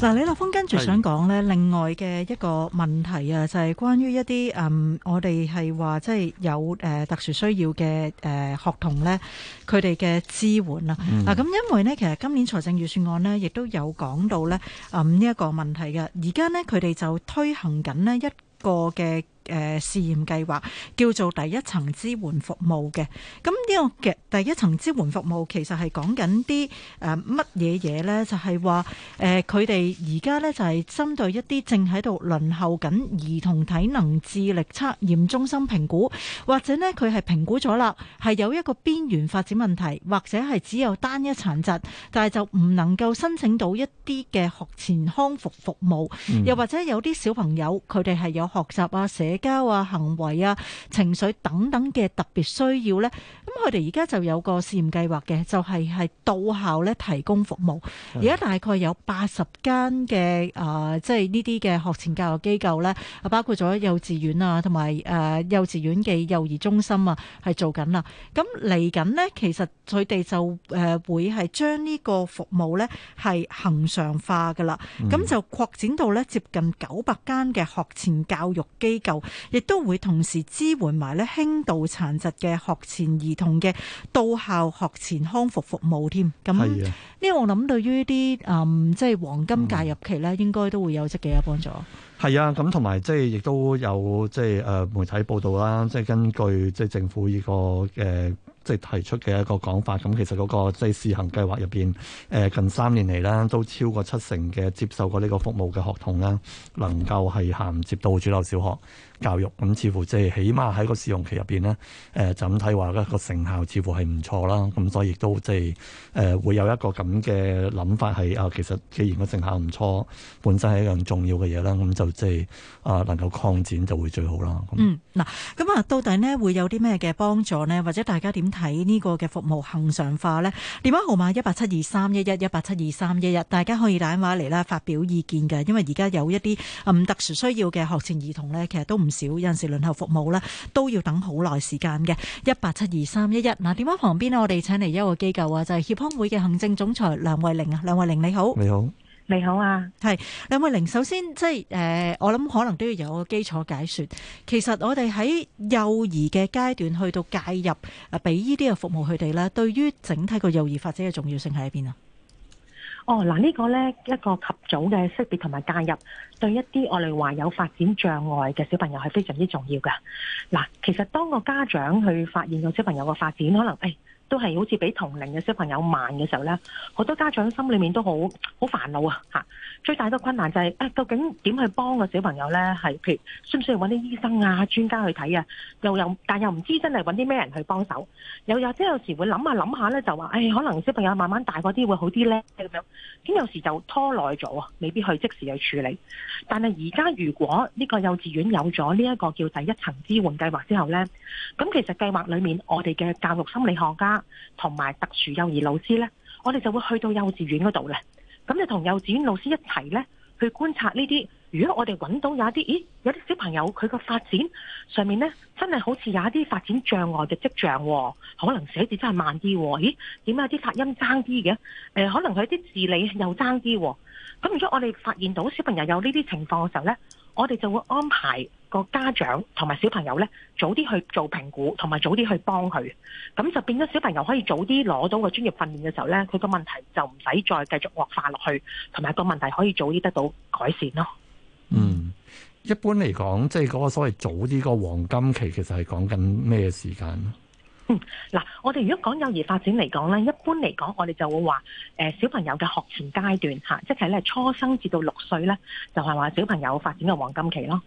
嗱，李立峰跟住想講咧，另外嘅一個問題啊，是就係關於一啲嗯，我哋係話即係有誒特殊需要嘅誒學童咧，佢哋嘅支援啦。嗱、嗯，咁因為咧，其實今年財政預算案咧，亦都有講到咧，嗯，呢一個問題嘅。而家咧，佢哋就推行緊咧一個嘅。誒試驗計劃叫做第一層支援服務嘅，咁、這、呢個嘅第一層支援服務其實係講緊啲誒乜嘢嘢咧？就係話誒佢哋而家咧就係、是、針對一啲正喺度輪候緊兒童體能智力測驗中心評估，或者咧佢係評估咗啦，係有一個邊緣發展問題，或者係只有單一殘疾，但係就唔能夠申請到一啲嘅學前康復服務，又或者有啲小朋友佢哋係有學習啊社。交啊、行為啊、情緒等等嘅特別需要咧，咁佢哋而家就有個試驗計劃嘅，就係、是、係到校咧提供服務，而家大概有八十間嘅誒即係呢啲嘅學前教育機構咧，啊包括咗幼稚園啊，同埋誒幼稚園嘅幼兒中心啊，係做緊啦。咁嚟緊咧，其實，佢哋就誒會係將呢個服務咧係恒常化㗎啦。咁、嗯、就擴展到咧接近九百間嘅學前教育機構。亦都會同時支援埋咧輕度殘疾嘅學前兒童嘅到校學前康復服務添，咁呢個我諗對於啲誒即係黃金介入期咧，嗯、應該都會有即係幾有幫助。係啊，咁同埋即係亦都有即係誒媒體報道啦，即係根據即係政府呢個嘅。即係提出嘅一個講法，咁其實嗰個即係試行計劃入邊誒近三年嚟啦，都超過七成嘅接受過呢個服務嘅學童啦，能夠係銜接到主流小學教育，咁似乎即係起碼喺個試用期入邊咧，誒整體話、個成效，似乎係唔錯啦。咁所以亦都即係誒會有一個咁嘅諗法係啊，其實既然個成效唔錯，本身係一樣重要嘅嘢啦，咁就即係啊能夠擴展就會最好啦。嗯，嗱，咁啊到底咧會有啲咩嘅幫助咧？或者大家點睇？喺呢個嘅服務恆常化呢，電話號碼一八七二三一一一八七二三一一，11, 11, 大家可以打電話嚟啦，發表意見嘅。因為而家有一啲唔、嗯、特殊需要嘅學前兒童呢，其實都唔少，有陣時輪候服務呢，都要等好耐時間嘅。一八七二三一一，嗱電話旁邊咧，我哋請嚟一個機構啊，就係、是、協康會嘅行政總裁梁惠玲啊，梁惠玲你好。你好。你好啊，係梁惠玲。首先，即係誒，我諗可能都要有個基礎解說。其實我哋喺幼兒嘅階段去到介入誒，俾呢啲嘅服務佢哋咧，對於整體個幼兒發展嘅重要性喺邊啊？哦，嗱、這個，呢個咧一個及早嘅識別同埋介入，對一啲我哋話有發展障礙嘅小朋友係非常之重要噶。嗱，其實當個家長去發現個小朋友個發展可能誒。哎都係好似比同齡嘅小朋友慢嘅時候呢，好多家長心裏面都好好煩惱啊！嚇，最大嘅困難就係、是哎、究竟點去幫個小朋友呢？係譬如需唔需要揾啲醫生啊、專家去睇啊？又又但又唔知真係揾啲咩人去幫手？又又即有時會諗下諗下呢就話誒、哎，可能小朋友慢慢大個啲會好啲呢，咁樣。咁有時就拖耐咗啊，未必去即時去處理。但係而家如果呢個幼稚園有咗呢一個叫第一層支援計劃之後呢，咁其實計劃裏面我哋嘅教育心理學家。同埋特殊幼兒老師呢，我哋就會去到幼稚園嗰度呢，咁就同幼稚園老師一齊呢去觀察呢啲。如果我哋揾到有一啲，咦，有啲小朋友佢個發展上面呢，真係好似有一啲發展障礙嘅跡象，哦，可能寫字真係慢啲，哦，咦，點解有啲發音爭啲嘅？誒、呃，可能佢啲自理又爭啲，哦。咁如果我哋發現到小朋友有呢啲情況嘅時候呢。我哋就會安排個家長同埋小朋友呢，早啲去做評估，同埋早啲去幫佢，咁就變咗小朋友可以早啲攞到個專業訓練嘅時候呢，佢個問題就唔使再繼續惡化落去，同埋個問題可以早啲得到改善咯。嗯，一般嚟講，即係嗰個所謂早啲個黃金期，其實係講緊咩時間？嗯，嗱， 我哋如果講幼兒發展嚟講咧，一般嚟講，我哋就會話，誒，小朋友嘅學前階段吓，即係咧初生至到六歲咧，就係話小朋友發展嘅黃金期咯。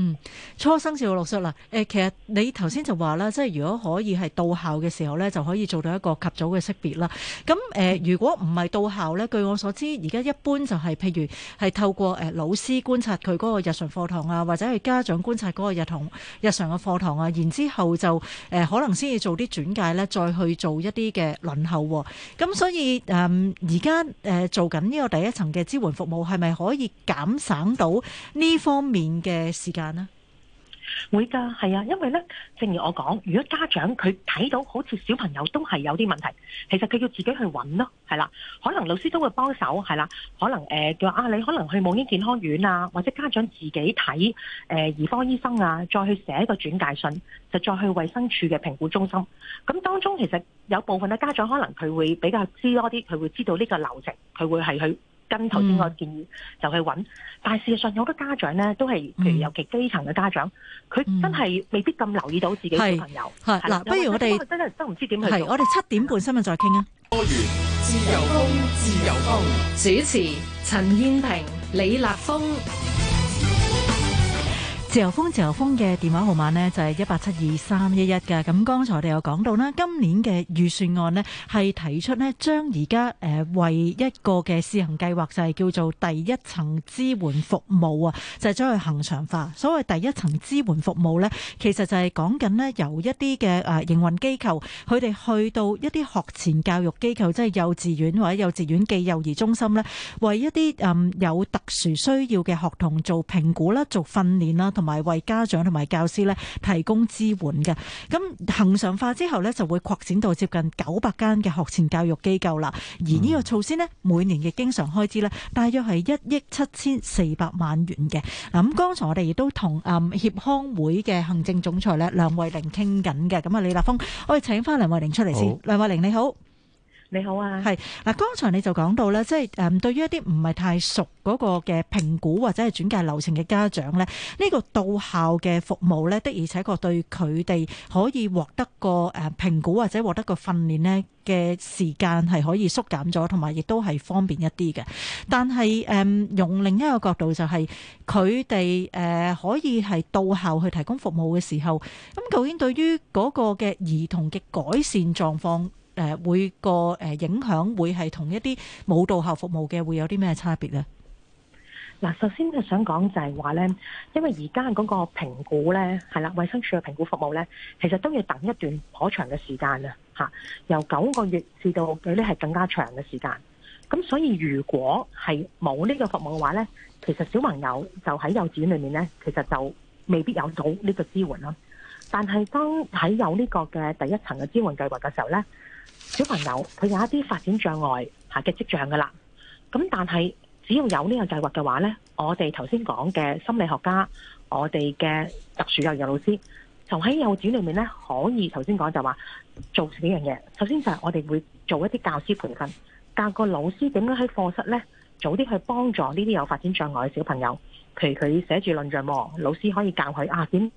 嗯，初生至到六歲啦。誒，其實你頭先就話啦，即係如果可以係到校嘅時候呢，就可以做到一個及早嘅識別啦。咁誒、呃，如果唔係到校呢，據我所知，而家一般就係、是、譬如係透過誒老師觀察佢嗰個日常課堂啊，或者係家長觀察嗰個日同日常嘅課堂啊，然之後就誒、呃、可能先要做啲轉介呢，再去做一啲嘅輪候。咁所以誒，而家誒做緊呢個第一層嘅支援服務，係咪可以減省到呢方面嘅時間？會噶，係啊，因為呢，正如我講，如果家長佢睇到好似小朋友都係有啲問題，其實佢要自己去揾咯，係啦，可能老師都會幫手，係啦，可能誒、呃、叫啊，你可能去母嬰健康院啊，或者家長自己睇誒兒科醫生啊，再去寫一個轉介信，就再去衛生署嘅評估中心。咁當中其實有部分嘅家長可能佢會比較知多啲，佢會知道呢個流程，佢會係去。跟頭先我建議就去揾，但係事實上有好多家長咧都係，譬如尤其基層嘅家長，佢真係未必咁留意到自己小朋友。係嗱，不如我哋真係都唔知點去。係，我哋七點半新聞再傾啊！多元自由風，自由風主持陳燕萍、李立峯。自由風，自由風嘅電話號碼呢，就係一八七二三一一嘅。咁剛才我哋又講到啦，今年嘅預算案呢，係提出呢，將而家誒為一個嘅試行計劃就係叫做第一層支援服務啊，就係將佢恒常化。所謂第一層支援服務呢，其實就係講緊呢，由一啲嘅誒營運機構，佢哋去到一啲學前教育機構，即係幼稚園或者幼稚園嘅幼兒中心呢，為一啲嗯有特殊需要嘅學童做評估啦，做訓練啦。同埋為家長同埋教師呢，提供支援嘅，咁恒常化之後呢，就會擴展到接近九百間嘅學前教育機構啦。而呢個措施呢，每年嘅經常開支呢，大約係一億七千四百萬元嘅。嗱，咁剛才我哋亦都同誒協康會嘅行政總裁咧，梁惠玲傾緊嘅。咁啊，李立峰，我哋請翻梁惠玲出嚟先。好梁惠玲，你好。你好啊，係嗱，剛才你就講到啦，即係誒，對於一啲唔係太熟嗰個嘅評估或者係轉介流程嘅家長呢，呢個到校嘅服務呢，的而且確對佢哋可以獲得個誒評估或者獲得個訓練呢嘅時間係可以縮減咗，同埋亦都係方便一啲嘅。但係誒，用另一個角度就係佢哋誒可以係到校去提供服務嘅時候，咁究竟對於嗰個嘅兒童嘅改善狀況？誒會個誒影響會係同一啲冇導後服務嘅會有啲咩差別咧？嗱，首先我想講就係話咧，因為而家嗰個評估咧係啦，衛生署嘅評估服務咧，其實都要等一段頗長嘅時間啊，嚇由九個月至到佢咧係更加長嘅時間。咁所以如果係冇呢個服務嘅話咧，其實小朋友就喺幼稚園裏面咧，其實就未必有到呢個支援咯。但係當喺有呢個嘅第一層嘅支援計劃嘅時候咧。小朋友佢有一啲發展障礙吓嘅跡象噶啦，咁但係只要有呢個計劃嘅話呢，我哋頭先講嘅心理學家，我哋嘅特殊幼兒老師，就喺幼稚園裏面呢，可以頭先講就話做幾樣嘢。首先就係我哋會做一啲教師培訓，教個老師點樣喺課室呢早啲去幫助呢啲有發展障礙嘅小朋友。譬如佢寫住論文喎，老師可以教佢啊，點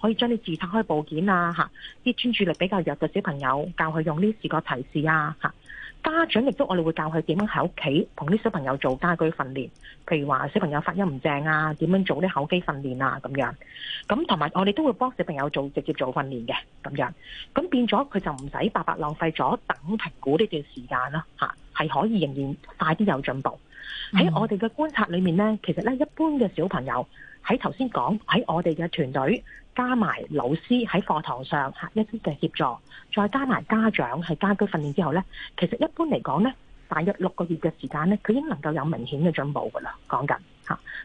可以將啲字拆開部件啊嚇，啲專注力比較弱嘅小朋友教佢用呢視覺提示啊嚇，啊，家長亦都我哋會教佢點樣喺屋企同啲小朋友做家居訓練，譬如話小朋友發音唔正啊，點樣做啲口肌訓練啊咁樣。咁同埋我哋都會幫小朋友做直接做訓練嘅咁樣，咁變咗佢就唔使白白浪費咗等評估呢段時間啦嚇，係、啊，可以仍然快啲有進步。喺我哋嘅觀察裏面呢，其實呢，一般嘅小朋友喺頭先講，喺我哋嘅團隊加埋老師喺課堂上一啲嘅協助，再加埋家長喺家居訓練之後呢，其實一般嚟講呢，大約六個月嘅時間呢，佢已經能夠有明顯嘅進步㗎喇，講緊。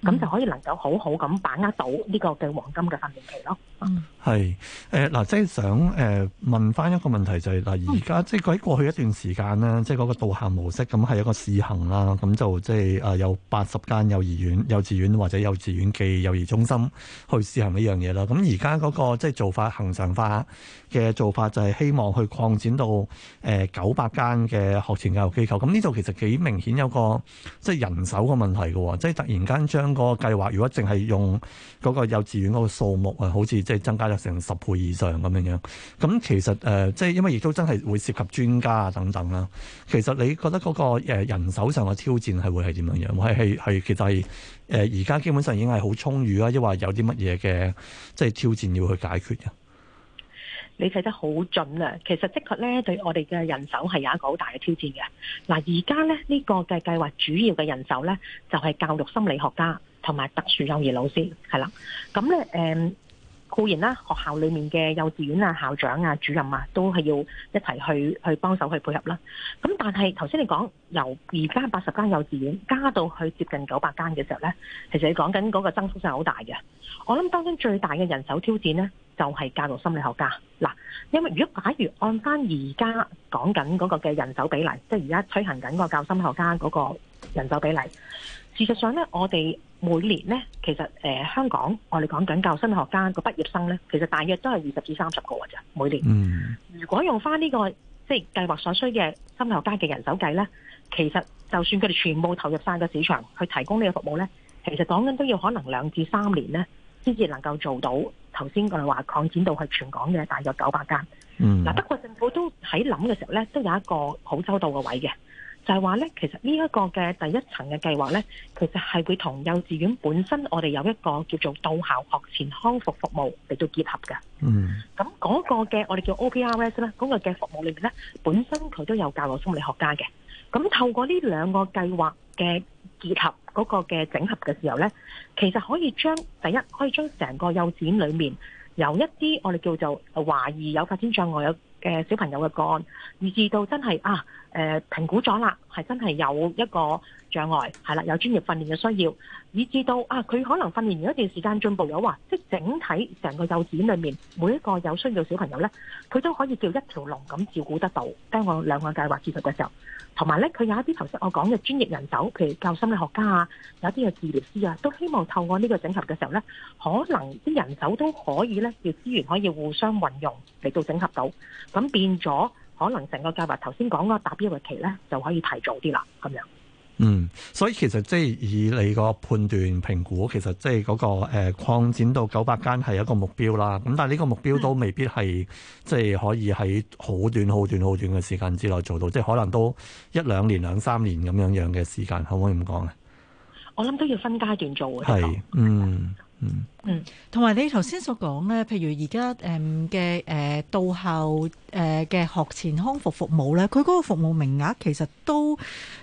咁就可以能夠好好咁把握到呢個嘅黃金嘅發展期咯、嗯。嗯，係，誒嗱，即係想誒、呃、問翻一個問題就係、是、嗱，而家即係喺過去一段時間咧，即係嗰個到校模式咁係一個試行啦，咁就即係誒有八十間幼稚園、幼稚園或者幼稚園暨幼兒中心去試行呢樣嘢啦。咁而家嗰個即係做法恆常化嘅做法，做法就係希望去擴展到誒九百間嘅學前教育機構。咁呢度其實幾明顯有個即係人手嘅問題㗎，即係突然間。將嗰個計劃，如果淨係用嗰個幼稚園嗰個數目啊，好似即係增加咗成十倍以上咁樣樣。咁其實誒，即係因為亦都真係會涉及專家啊等等啦。其實你覺得嗰個誒人手上嘅挑戰係會係點樣樣？係係係其實係誒而家基本上已經係好充裕啦，抑或有啲乜嘢嘅即係挑戰要去解決嘅？你睇得好準啊！其實的確咧，對我哋嘅人手係有一個好大嘅挑戰嘅。嗱，而家咧呢個嘅計劃主要嘅人手咧，就係教育心理學家同埋特殊幼兒老師，係啦。咁咧誒固然啦，學校裡面嘅幼稚園啊、校長啊、主任啊，都係要一齊去去幫手去配合啦。咁但係頭先你講由而家八十間幼稚園加到去接近九百間嘅時候咧，其實你講緊嗰個增幅係好大嘅。我諗當中最大嘅人手挑戰咧。就係教育心理學家嗱，因為如果假如按翻而家講緊嗰個嘅人手比例，即係而家推行緊個教心學家嗰個人手比例，事實上咧，我哋每年咧，其實誒香港我哋講緊教心學家個畢業生咧，其實大約都係二十至三十個㗎咋每年。嗯、如果用翻呢個即係計劃所需嘅心理學家嘅人手計咧，其實就算佢哋全部投入晒個市場去提供呢個服務咧，其實講緊都要可能兩至三年咧。先至能夠做到頭先我哋話擴展到係全港嘅大約九百間。嗱、嗯，但政府都喺諗嘅時候咧，都有一個好周到嘅位嘅，就係話咧，其實呢一個嘅第一層嘅計劃咧，其實係會同幼稚園本身我哋有一個叫做到校學前康復服務嚟到結合嘅。嗯，咁嗰個嘅我哋叫 OPRS 咧，嗰個嘅服務裏面咧，本身佢都有教育心理學家嘅。咁透過呢兩個計劃嘅結合。嗰個嘅整合嘅時候呢，其實可以將第一，可以將成個幼稚園裡面有一啲我哋叫做懷疑有發展障礙有嘅小朋友嘅個案，預計到真係啊。誒評估咗啦，係真係有一個障礙，係啦，有專業訓練嘅需要，以至到啊，佢可能訓練完一段時間進步咗，話、啊、即係整體成個幼稚園裡面每一個有需要小朋友呢，佢都可以叫一條龍咁照顧得到。當我兩個計劃接合嘅時候，同埋呢，佢有一啲頭先我講嘅專業人手，譬如教心理學家啊，有啲嘅治療師啊，都希望透過呢個整合嘅時候呢，可能啲人手都可以呢，叫資源可以互相運用嚟到整合到，咁變咗。可能成個計劃頭先講個達標日期咧，就可以提早啲啦。咁樣嗯，所以其實即係以你個判斷評估，其實即係、那、嗰個誒擴、呃、展到九百間係一個目標啦。咁但係呢個目標都未必係、嗯、即係可以喺好短、好短、好短嘅時間之內做到，即係可能都一兩年、兩三年咁樣樣嘅時間，可唔可以咁講啊？我諗都要分階段做係嗯。嗯，嗯，同埋你頭先所講咧，譬如而家誒嘅誒，到、呃、校誒嘅學前康復服，服務咧，佢嗰個服務名額其實都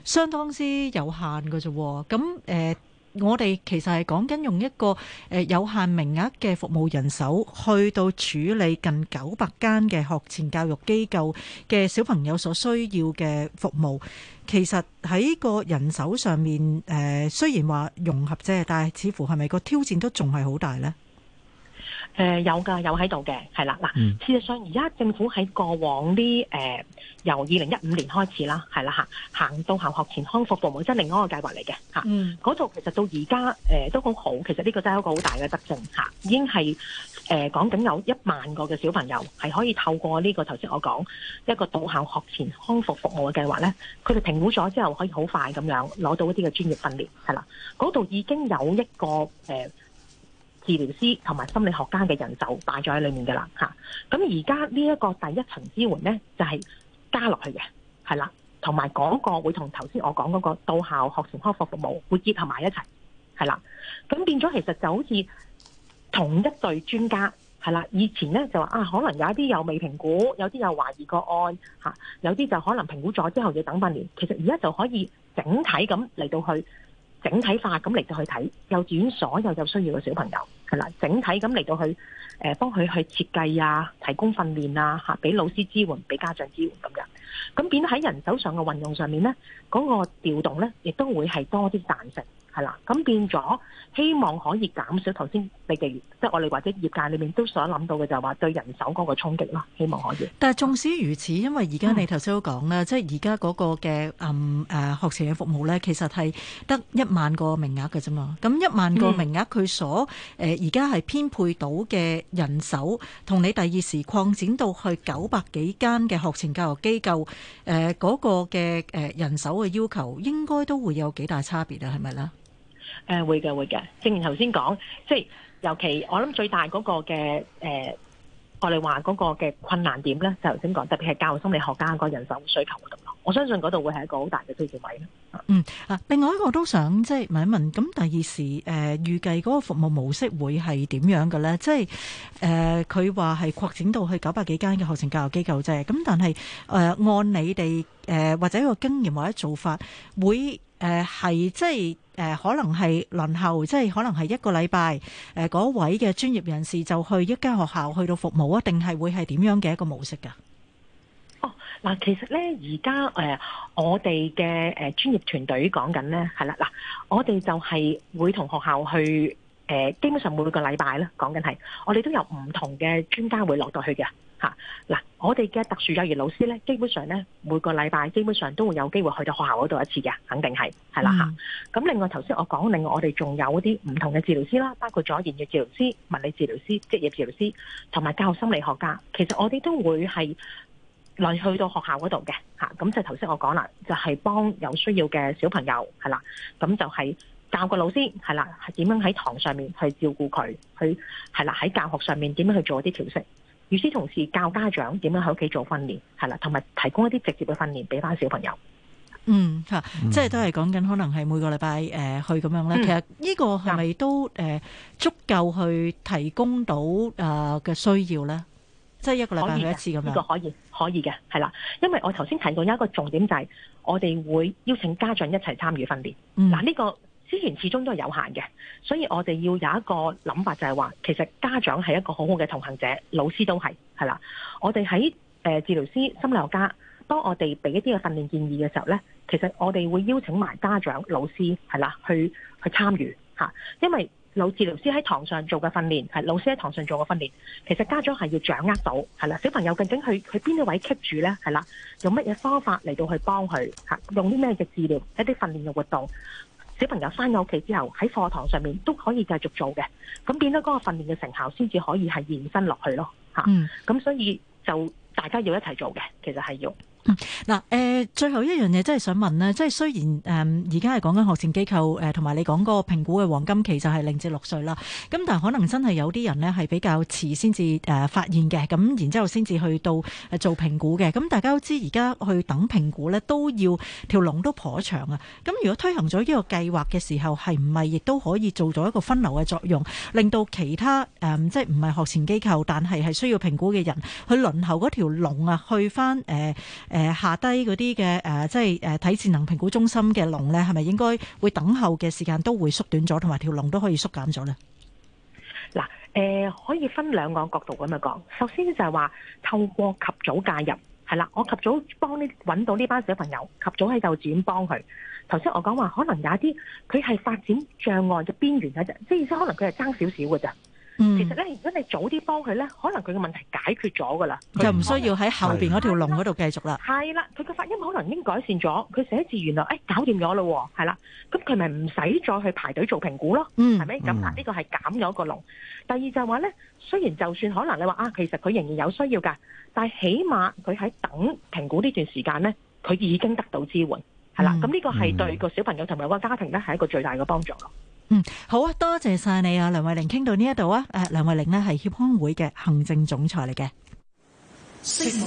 相當之有限嘅啫，咁誒。呃我哋其實係講緊用一個誒有限名額嘅服務人手去到處理近九百間嘅學前教育機構嘅小朋友所需要嘅服務，其實喺個人手上面誒，雖然話融合啫，但係似乎係咪個挑戰都仲係好大呢？誒、呃，有噶，有喺度嘅，係啦，嗱，事實上而家政府喺過往啲誒、呃，由二零一五年開始啦，係啦吓，行到校學前康復服務，即、就、係、是、另外一個計劃嚟嘅，吓、嗯，嗰度、啊、其實到而家，誒、呃，都好好，其實呢個真係一個好大嘅德政吓，已經係誒講緊有一萬個嘅小朋友係可以透過呢、這個頭先我講一個到校學前康復服務嘅計劃咧，佢哋評估咗之後，可以好快咁樣攞到一啲嘅專業訓練，係啦，嗰度已經有一個誒。呃治療師同埋心理學家嘅人手擺咗喺裡面嘅啦嚇，咁而家呢一個第一層支援呢，就係、是、加落去嘅，係啦，同埋講過會同頭先我講嗰個到校學前康復服務會結合埋一齊，係啦，咁變咗其實就好似同一隊專家，係啦，以前呢就說，就話啊，可能有一啲又未評估，有啲又懷疑個案嚇，有啲就可能評估咗之後要等半年，其實而家就可以整體咁嚟到去。整體化咁嚟到去睇幼稚園所有有需要嘅小朋友係啦，整體咁嚟到去誒，幫佢去設計啊，提供訓練啊，吓俾，老師支援，俾家長支援咁樣，咁變到喺人手上嘅運用上面咧，嗰個調動咧，亦都會係多啲彈性。係啦，咁變咗希望可以減少頭先你哋即係我哋或者業界裏面都想諗到嘅就係話對人手嗰個衝擊咯，希望可以。但係縱使如此，因為而家你頭先都講喇，即係而家嗰個嘅誒誒學前嘅服務咧，其實係得一萬個名額嘅啫嘛。咁一萬個名額佢所誒而家係編配到嘅人手，同你第二時擴展到去九百幾間嘅學前教育機構誒嗰個嘅誒人手嘅要求，應該都會有幾大差別啊？係咪咧？誒、呃，會嘅會嘅，正如頭先講，即係尤其我諗最大嗰個嘅誒、呃，我哋話嗰個嘅困難點咧，就頭先講，特別係教育心理學家嗰人手需求嗰度咯，我相信嗰度會係一個好大嘅推薦位。嗯，啊，另外一個我都想即係問一問，咁第二時誒、呃、預計嗰個服務模式會係點樣嘅咧？即係誒佢話係擴展到去九百幾間嘅學前教育機構啫。咁但係誒、呃、按你哋誒或者一個經驗或者做法，會誒係、呃、即係誒、呃、可能係輪候，即係可能係一個禮拜誒嗰位嘅專業人士就去一間學校去到服務啊？定係會係點樣嘅一個模式噶？嗱，其實咧，而家誒，我哋嘅誒專業團隊講緊咧，係啦，嗱，我哋就係會同學校去誒、呃，基本上每個禮拜咧，講緊係，我哋都有唔同嘅專家會落到去嘅，吓。嗱，我哋嘅特殊教育老師咧，基本上咧每個禮拜基本上都會有機會去到學校嗰度一次嘅，肯定係，係啦吓。咁另外頭先我講，另外我哋仲有啲唔同嘅治療師啦，包括咗言語治療師、物理治療師、職業治療師，同埋教育心理學家。其實我哋都會係嚟去到學校嗰度嘅吓，咁就頭先我講啦，就係、是、幫有需要嘅小朋友係啦，咁就係教個老師係啦，係點樣喺堂上面去照顧佢，去係啦喺教學上面點樣去做啲調適。與此同時，教家長點樣喺屋企做訓練，係啦，同埋提供一啲直接嘅訓練俾翻小朋友。嗯，吓、嗯，即係都係講緊，可能係每個禮拜誒去咁樣咧。嗯、其實呢個係咪都誒足夠去提供到誒嘅需要咧？即係一個禮拜一次咁呢，這個可以可以嘅，係啦。因為我頭先提到有一個重點就係，我哋會邀請家長一齊參與訓練。嗱、mm. 這個，呢個資源始終都係有限嘅，所以我哋要有一個諗法就係話，其實家長係一個好好嘅同行者，老師都係，係啦。我哋喺，誒治療師、心理學家，當我哋俾一啲嘅訓練建議嘅時候咧，其實我哋會邀請埋家長、老師，係啦，去去參與吓，因為。老治療師喺堂上做嘅訓練，係老師喺堂上做嘅訓練。其實家長係要掌握到，係啦，小朋友究竟去去邊啲位 keep 住咧，係啦，用乜嘢方法嚟到去幫佢嚇，用啲咩嘅治療一啲訓練嘅活動。小朋友返到屋企之後喺課堂上面都可以繼續做嘅，咁變咗嗰個訓練嘅成效先至可以係延伸落去咯嚇。咁、嗯、所以就大家要一齊做嘅，其實係要。嗱，誒，最後一樣嘢，真係想問呢，即係雖然誒，而家係講緊學前機構誒，同埋你講嗰個評估嘅黃金期就係零至六歲啦。咁但係可能真係有啲人呢係比較遲先至誒發現嘅，咁然之後先至去到誒做評估嘅。咁大家都知而家去等評估呢都要條龍都頗長啊。咁如果推行咗呢個計劃嘅時候，係唔係亦都可以做咗一個分流嘅作用，令到其他誒即係唔係學前機構但係係需要評估嘅人，去輪候嗰條龍啊，去翻誒。呃誒、呃、下低嗰啲嘅誒，即係誒體智能評估中心嘅龍咧，係咪應該會等候嘅時間都會縮短咗，同埋條龍都可以縮減咗咧？嗱、呃，誒可以分兩個角度咁樣講。首先就係話透過及早介入，係啦，我及早幫呢揾到呢班小朋友，及早喺幼稚園幫佢。頭先我講話，可能有一啲佢係發展障礙嘅邊緣嘅啫，即係意思可能佢係爭少少嘅咋。嗯、其實咧，如果你早啲幫佢咧，可能佢嘅問題解決咗噶啦，就唔需要喺後邊嗰條龍嗰度繼續啦。係啦，佢嘅發音可能已經改善咗，佢寫字原來誒、哎、搞掂咗咯，係啦，咁佢咪唔使再去排隊做評估咯，係咪？咁嗱、嗯，呢個係減咗個龍。第二就係話咧，雖然就算可能你話啊，其實佢仍然有需要噶，但係起碼佢喺等評估呢段時間咧，佢已經得到支援，係啦。咁呢、嗯、個係對個小朋友同埋個家庭咧，係一個最大嘅幫助咯。嗯，好啊，多謝晒你啊，梁惠玲傾到呢一度啊，誒，梁惠玲呢係協康會嘅行政總裁嚟嘅。母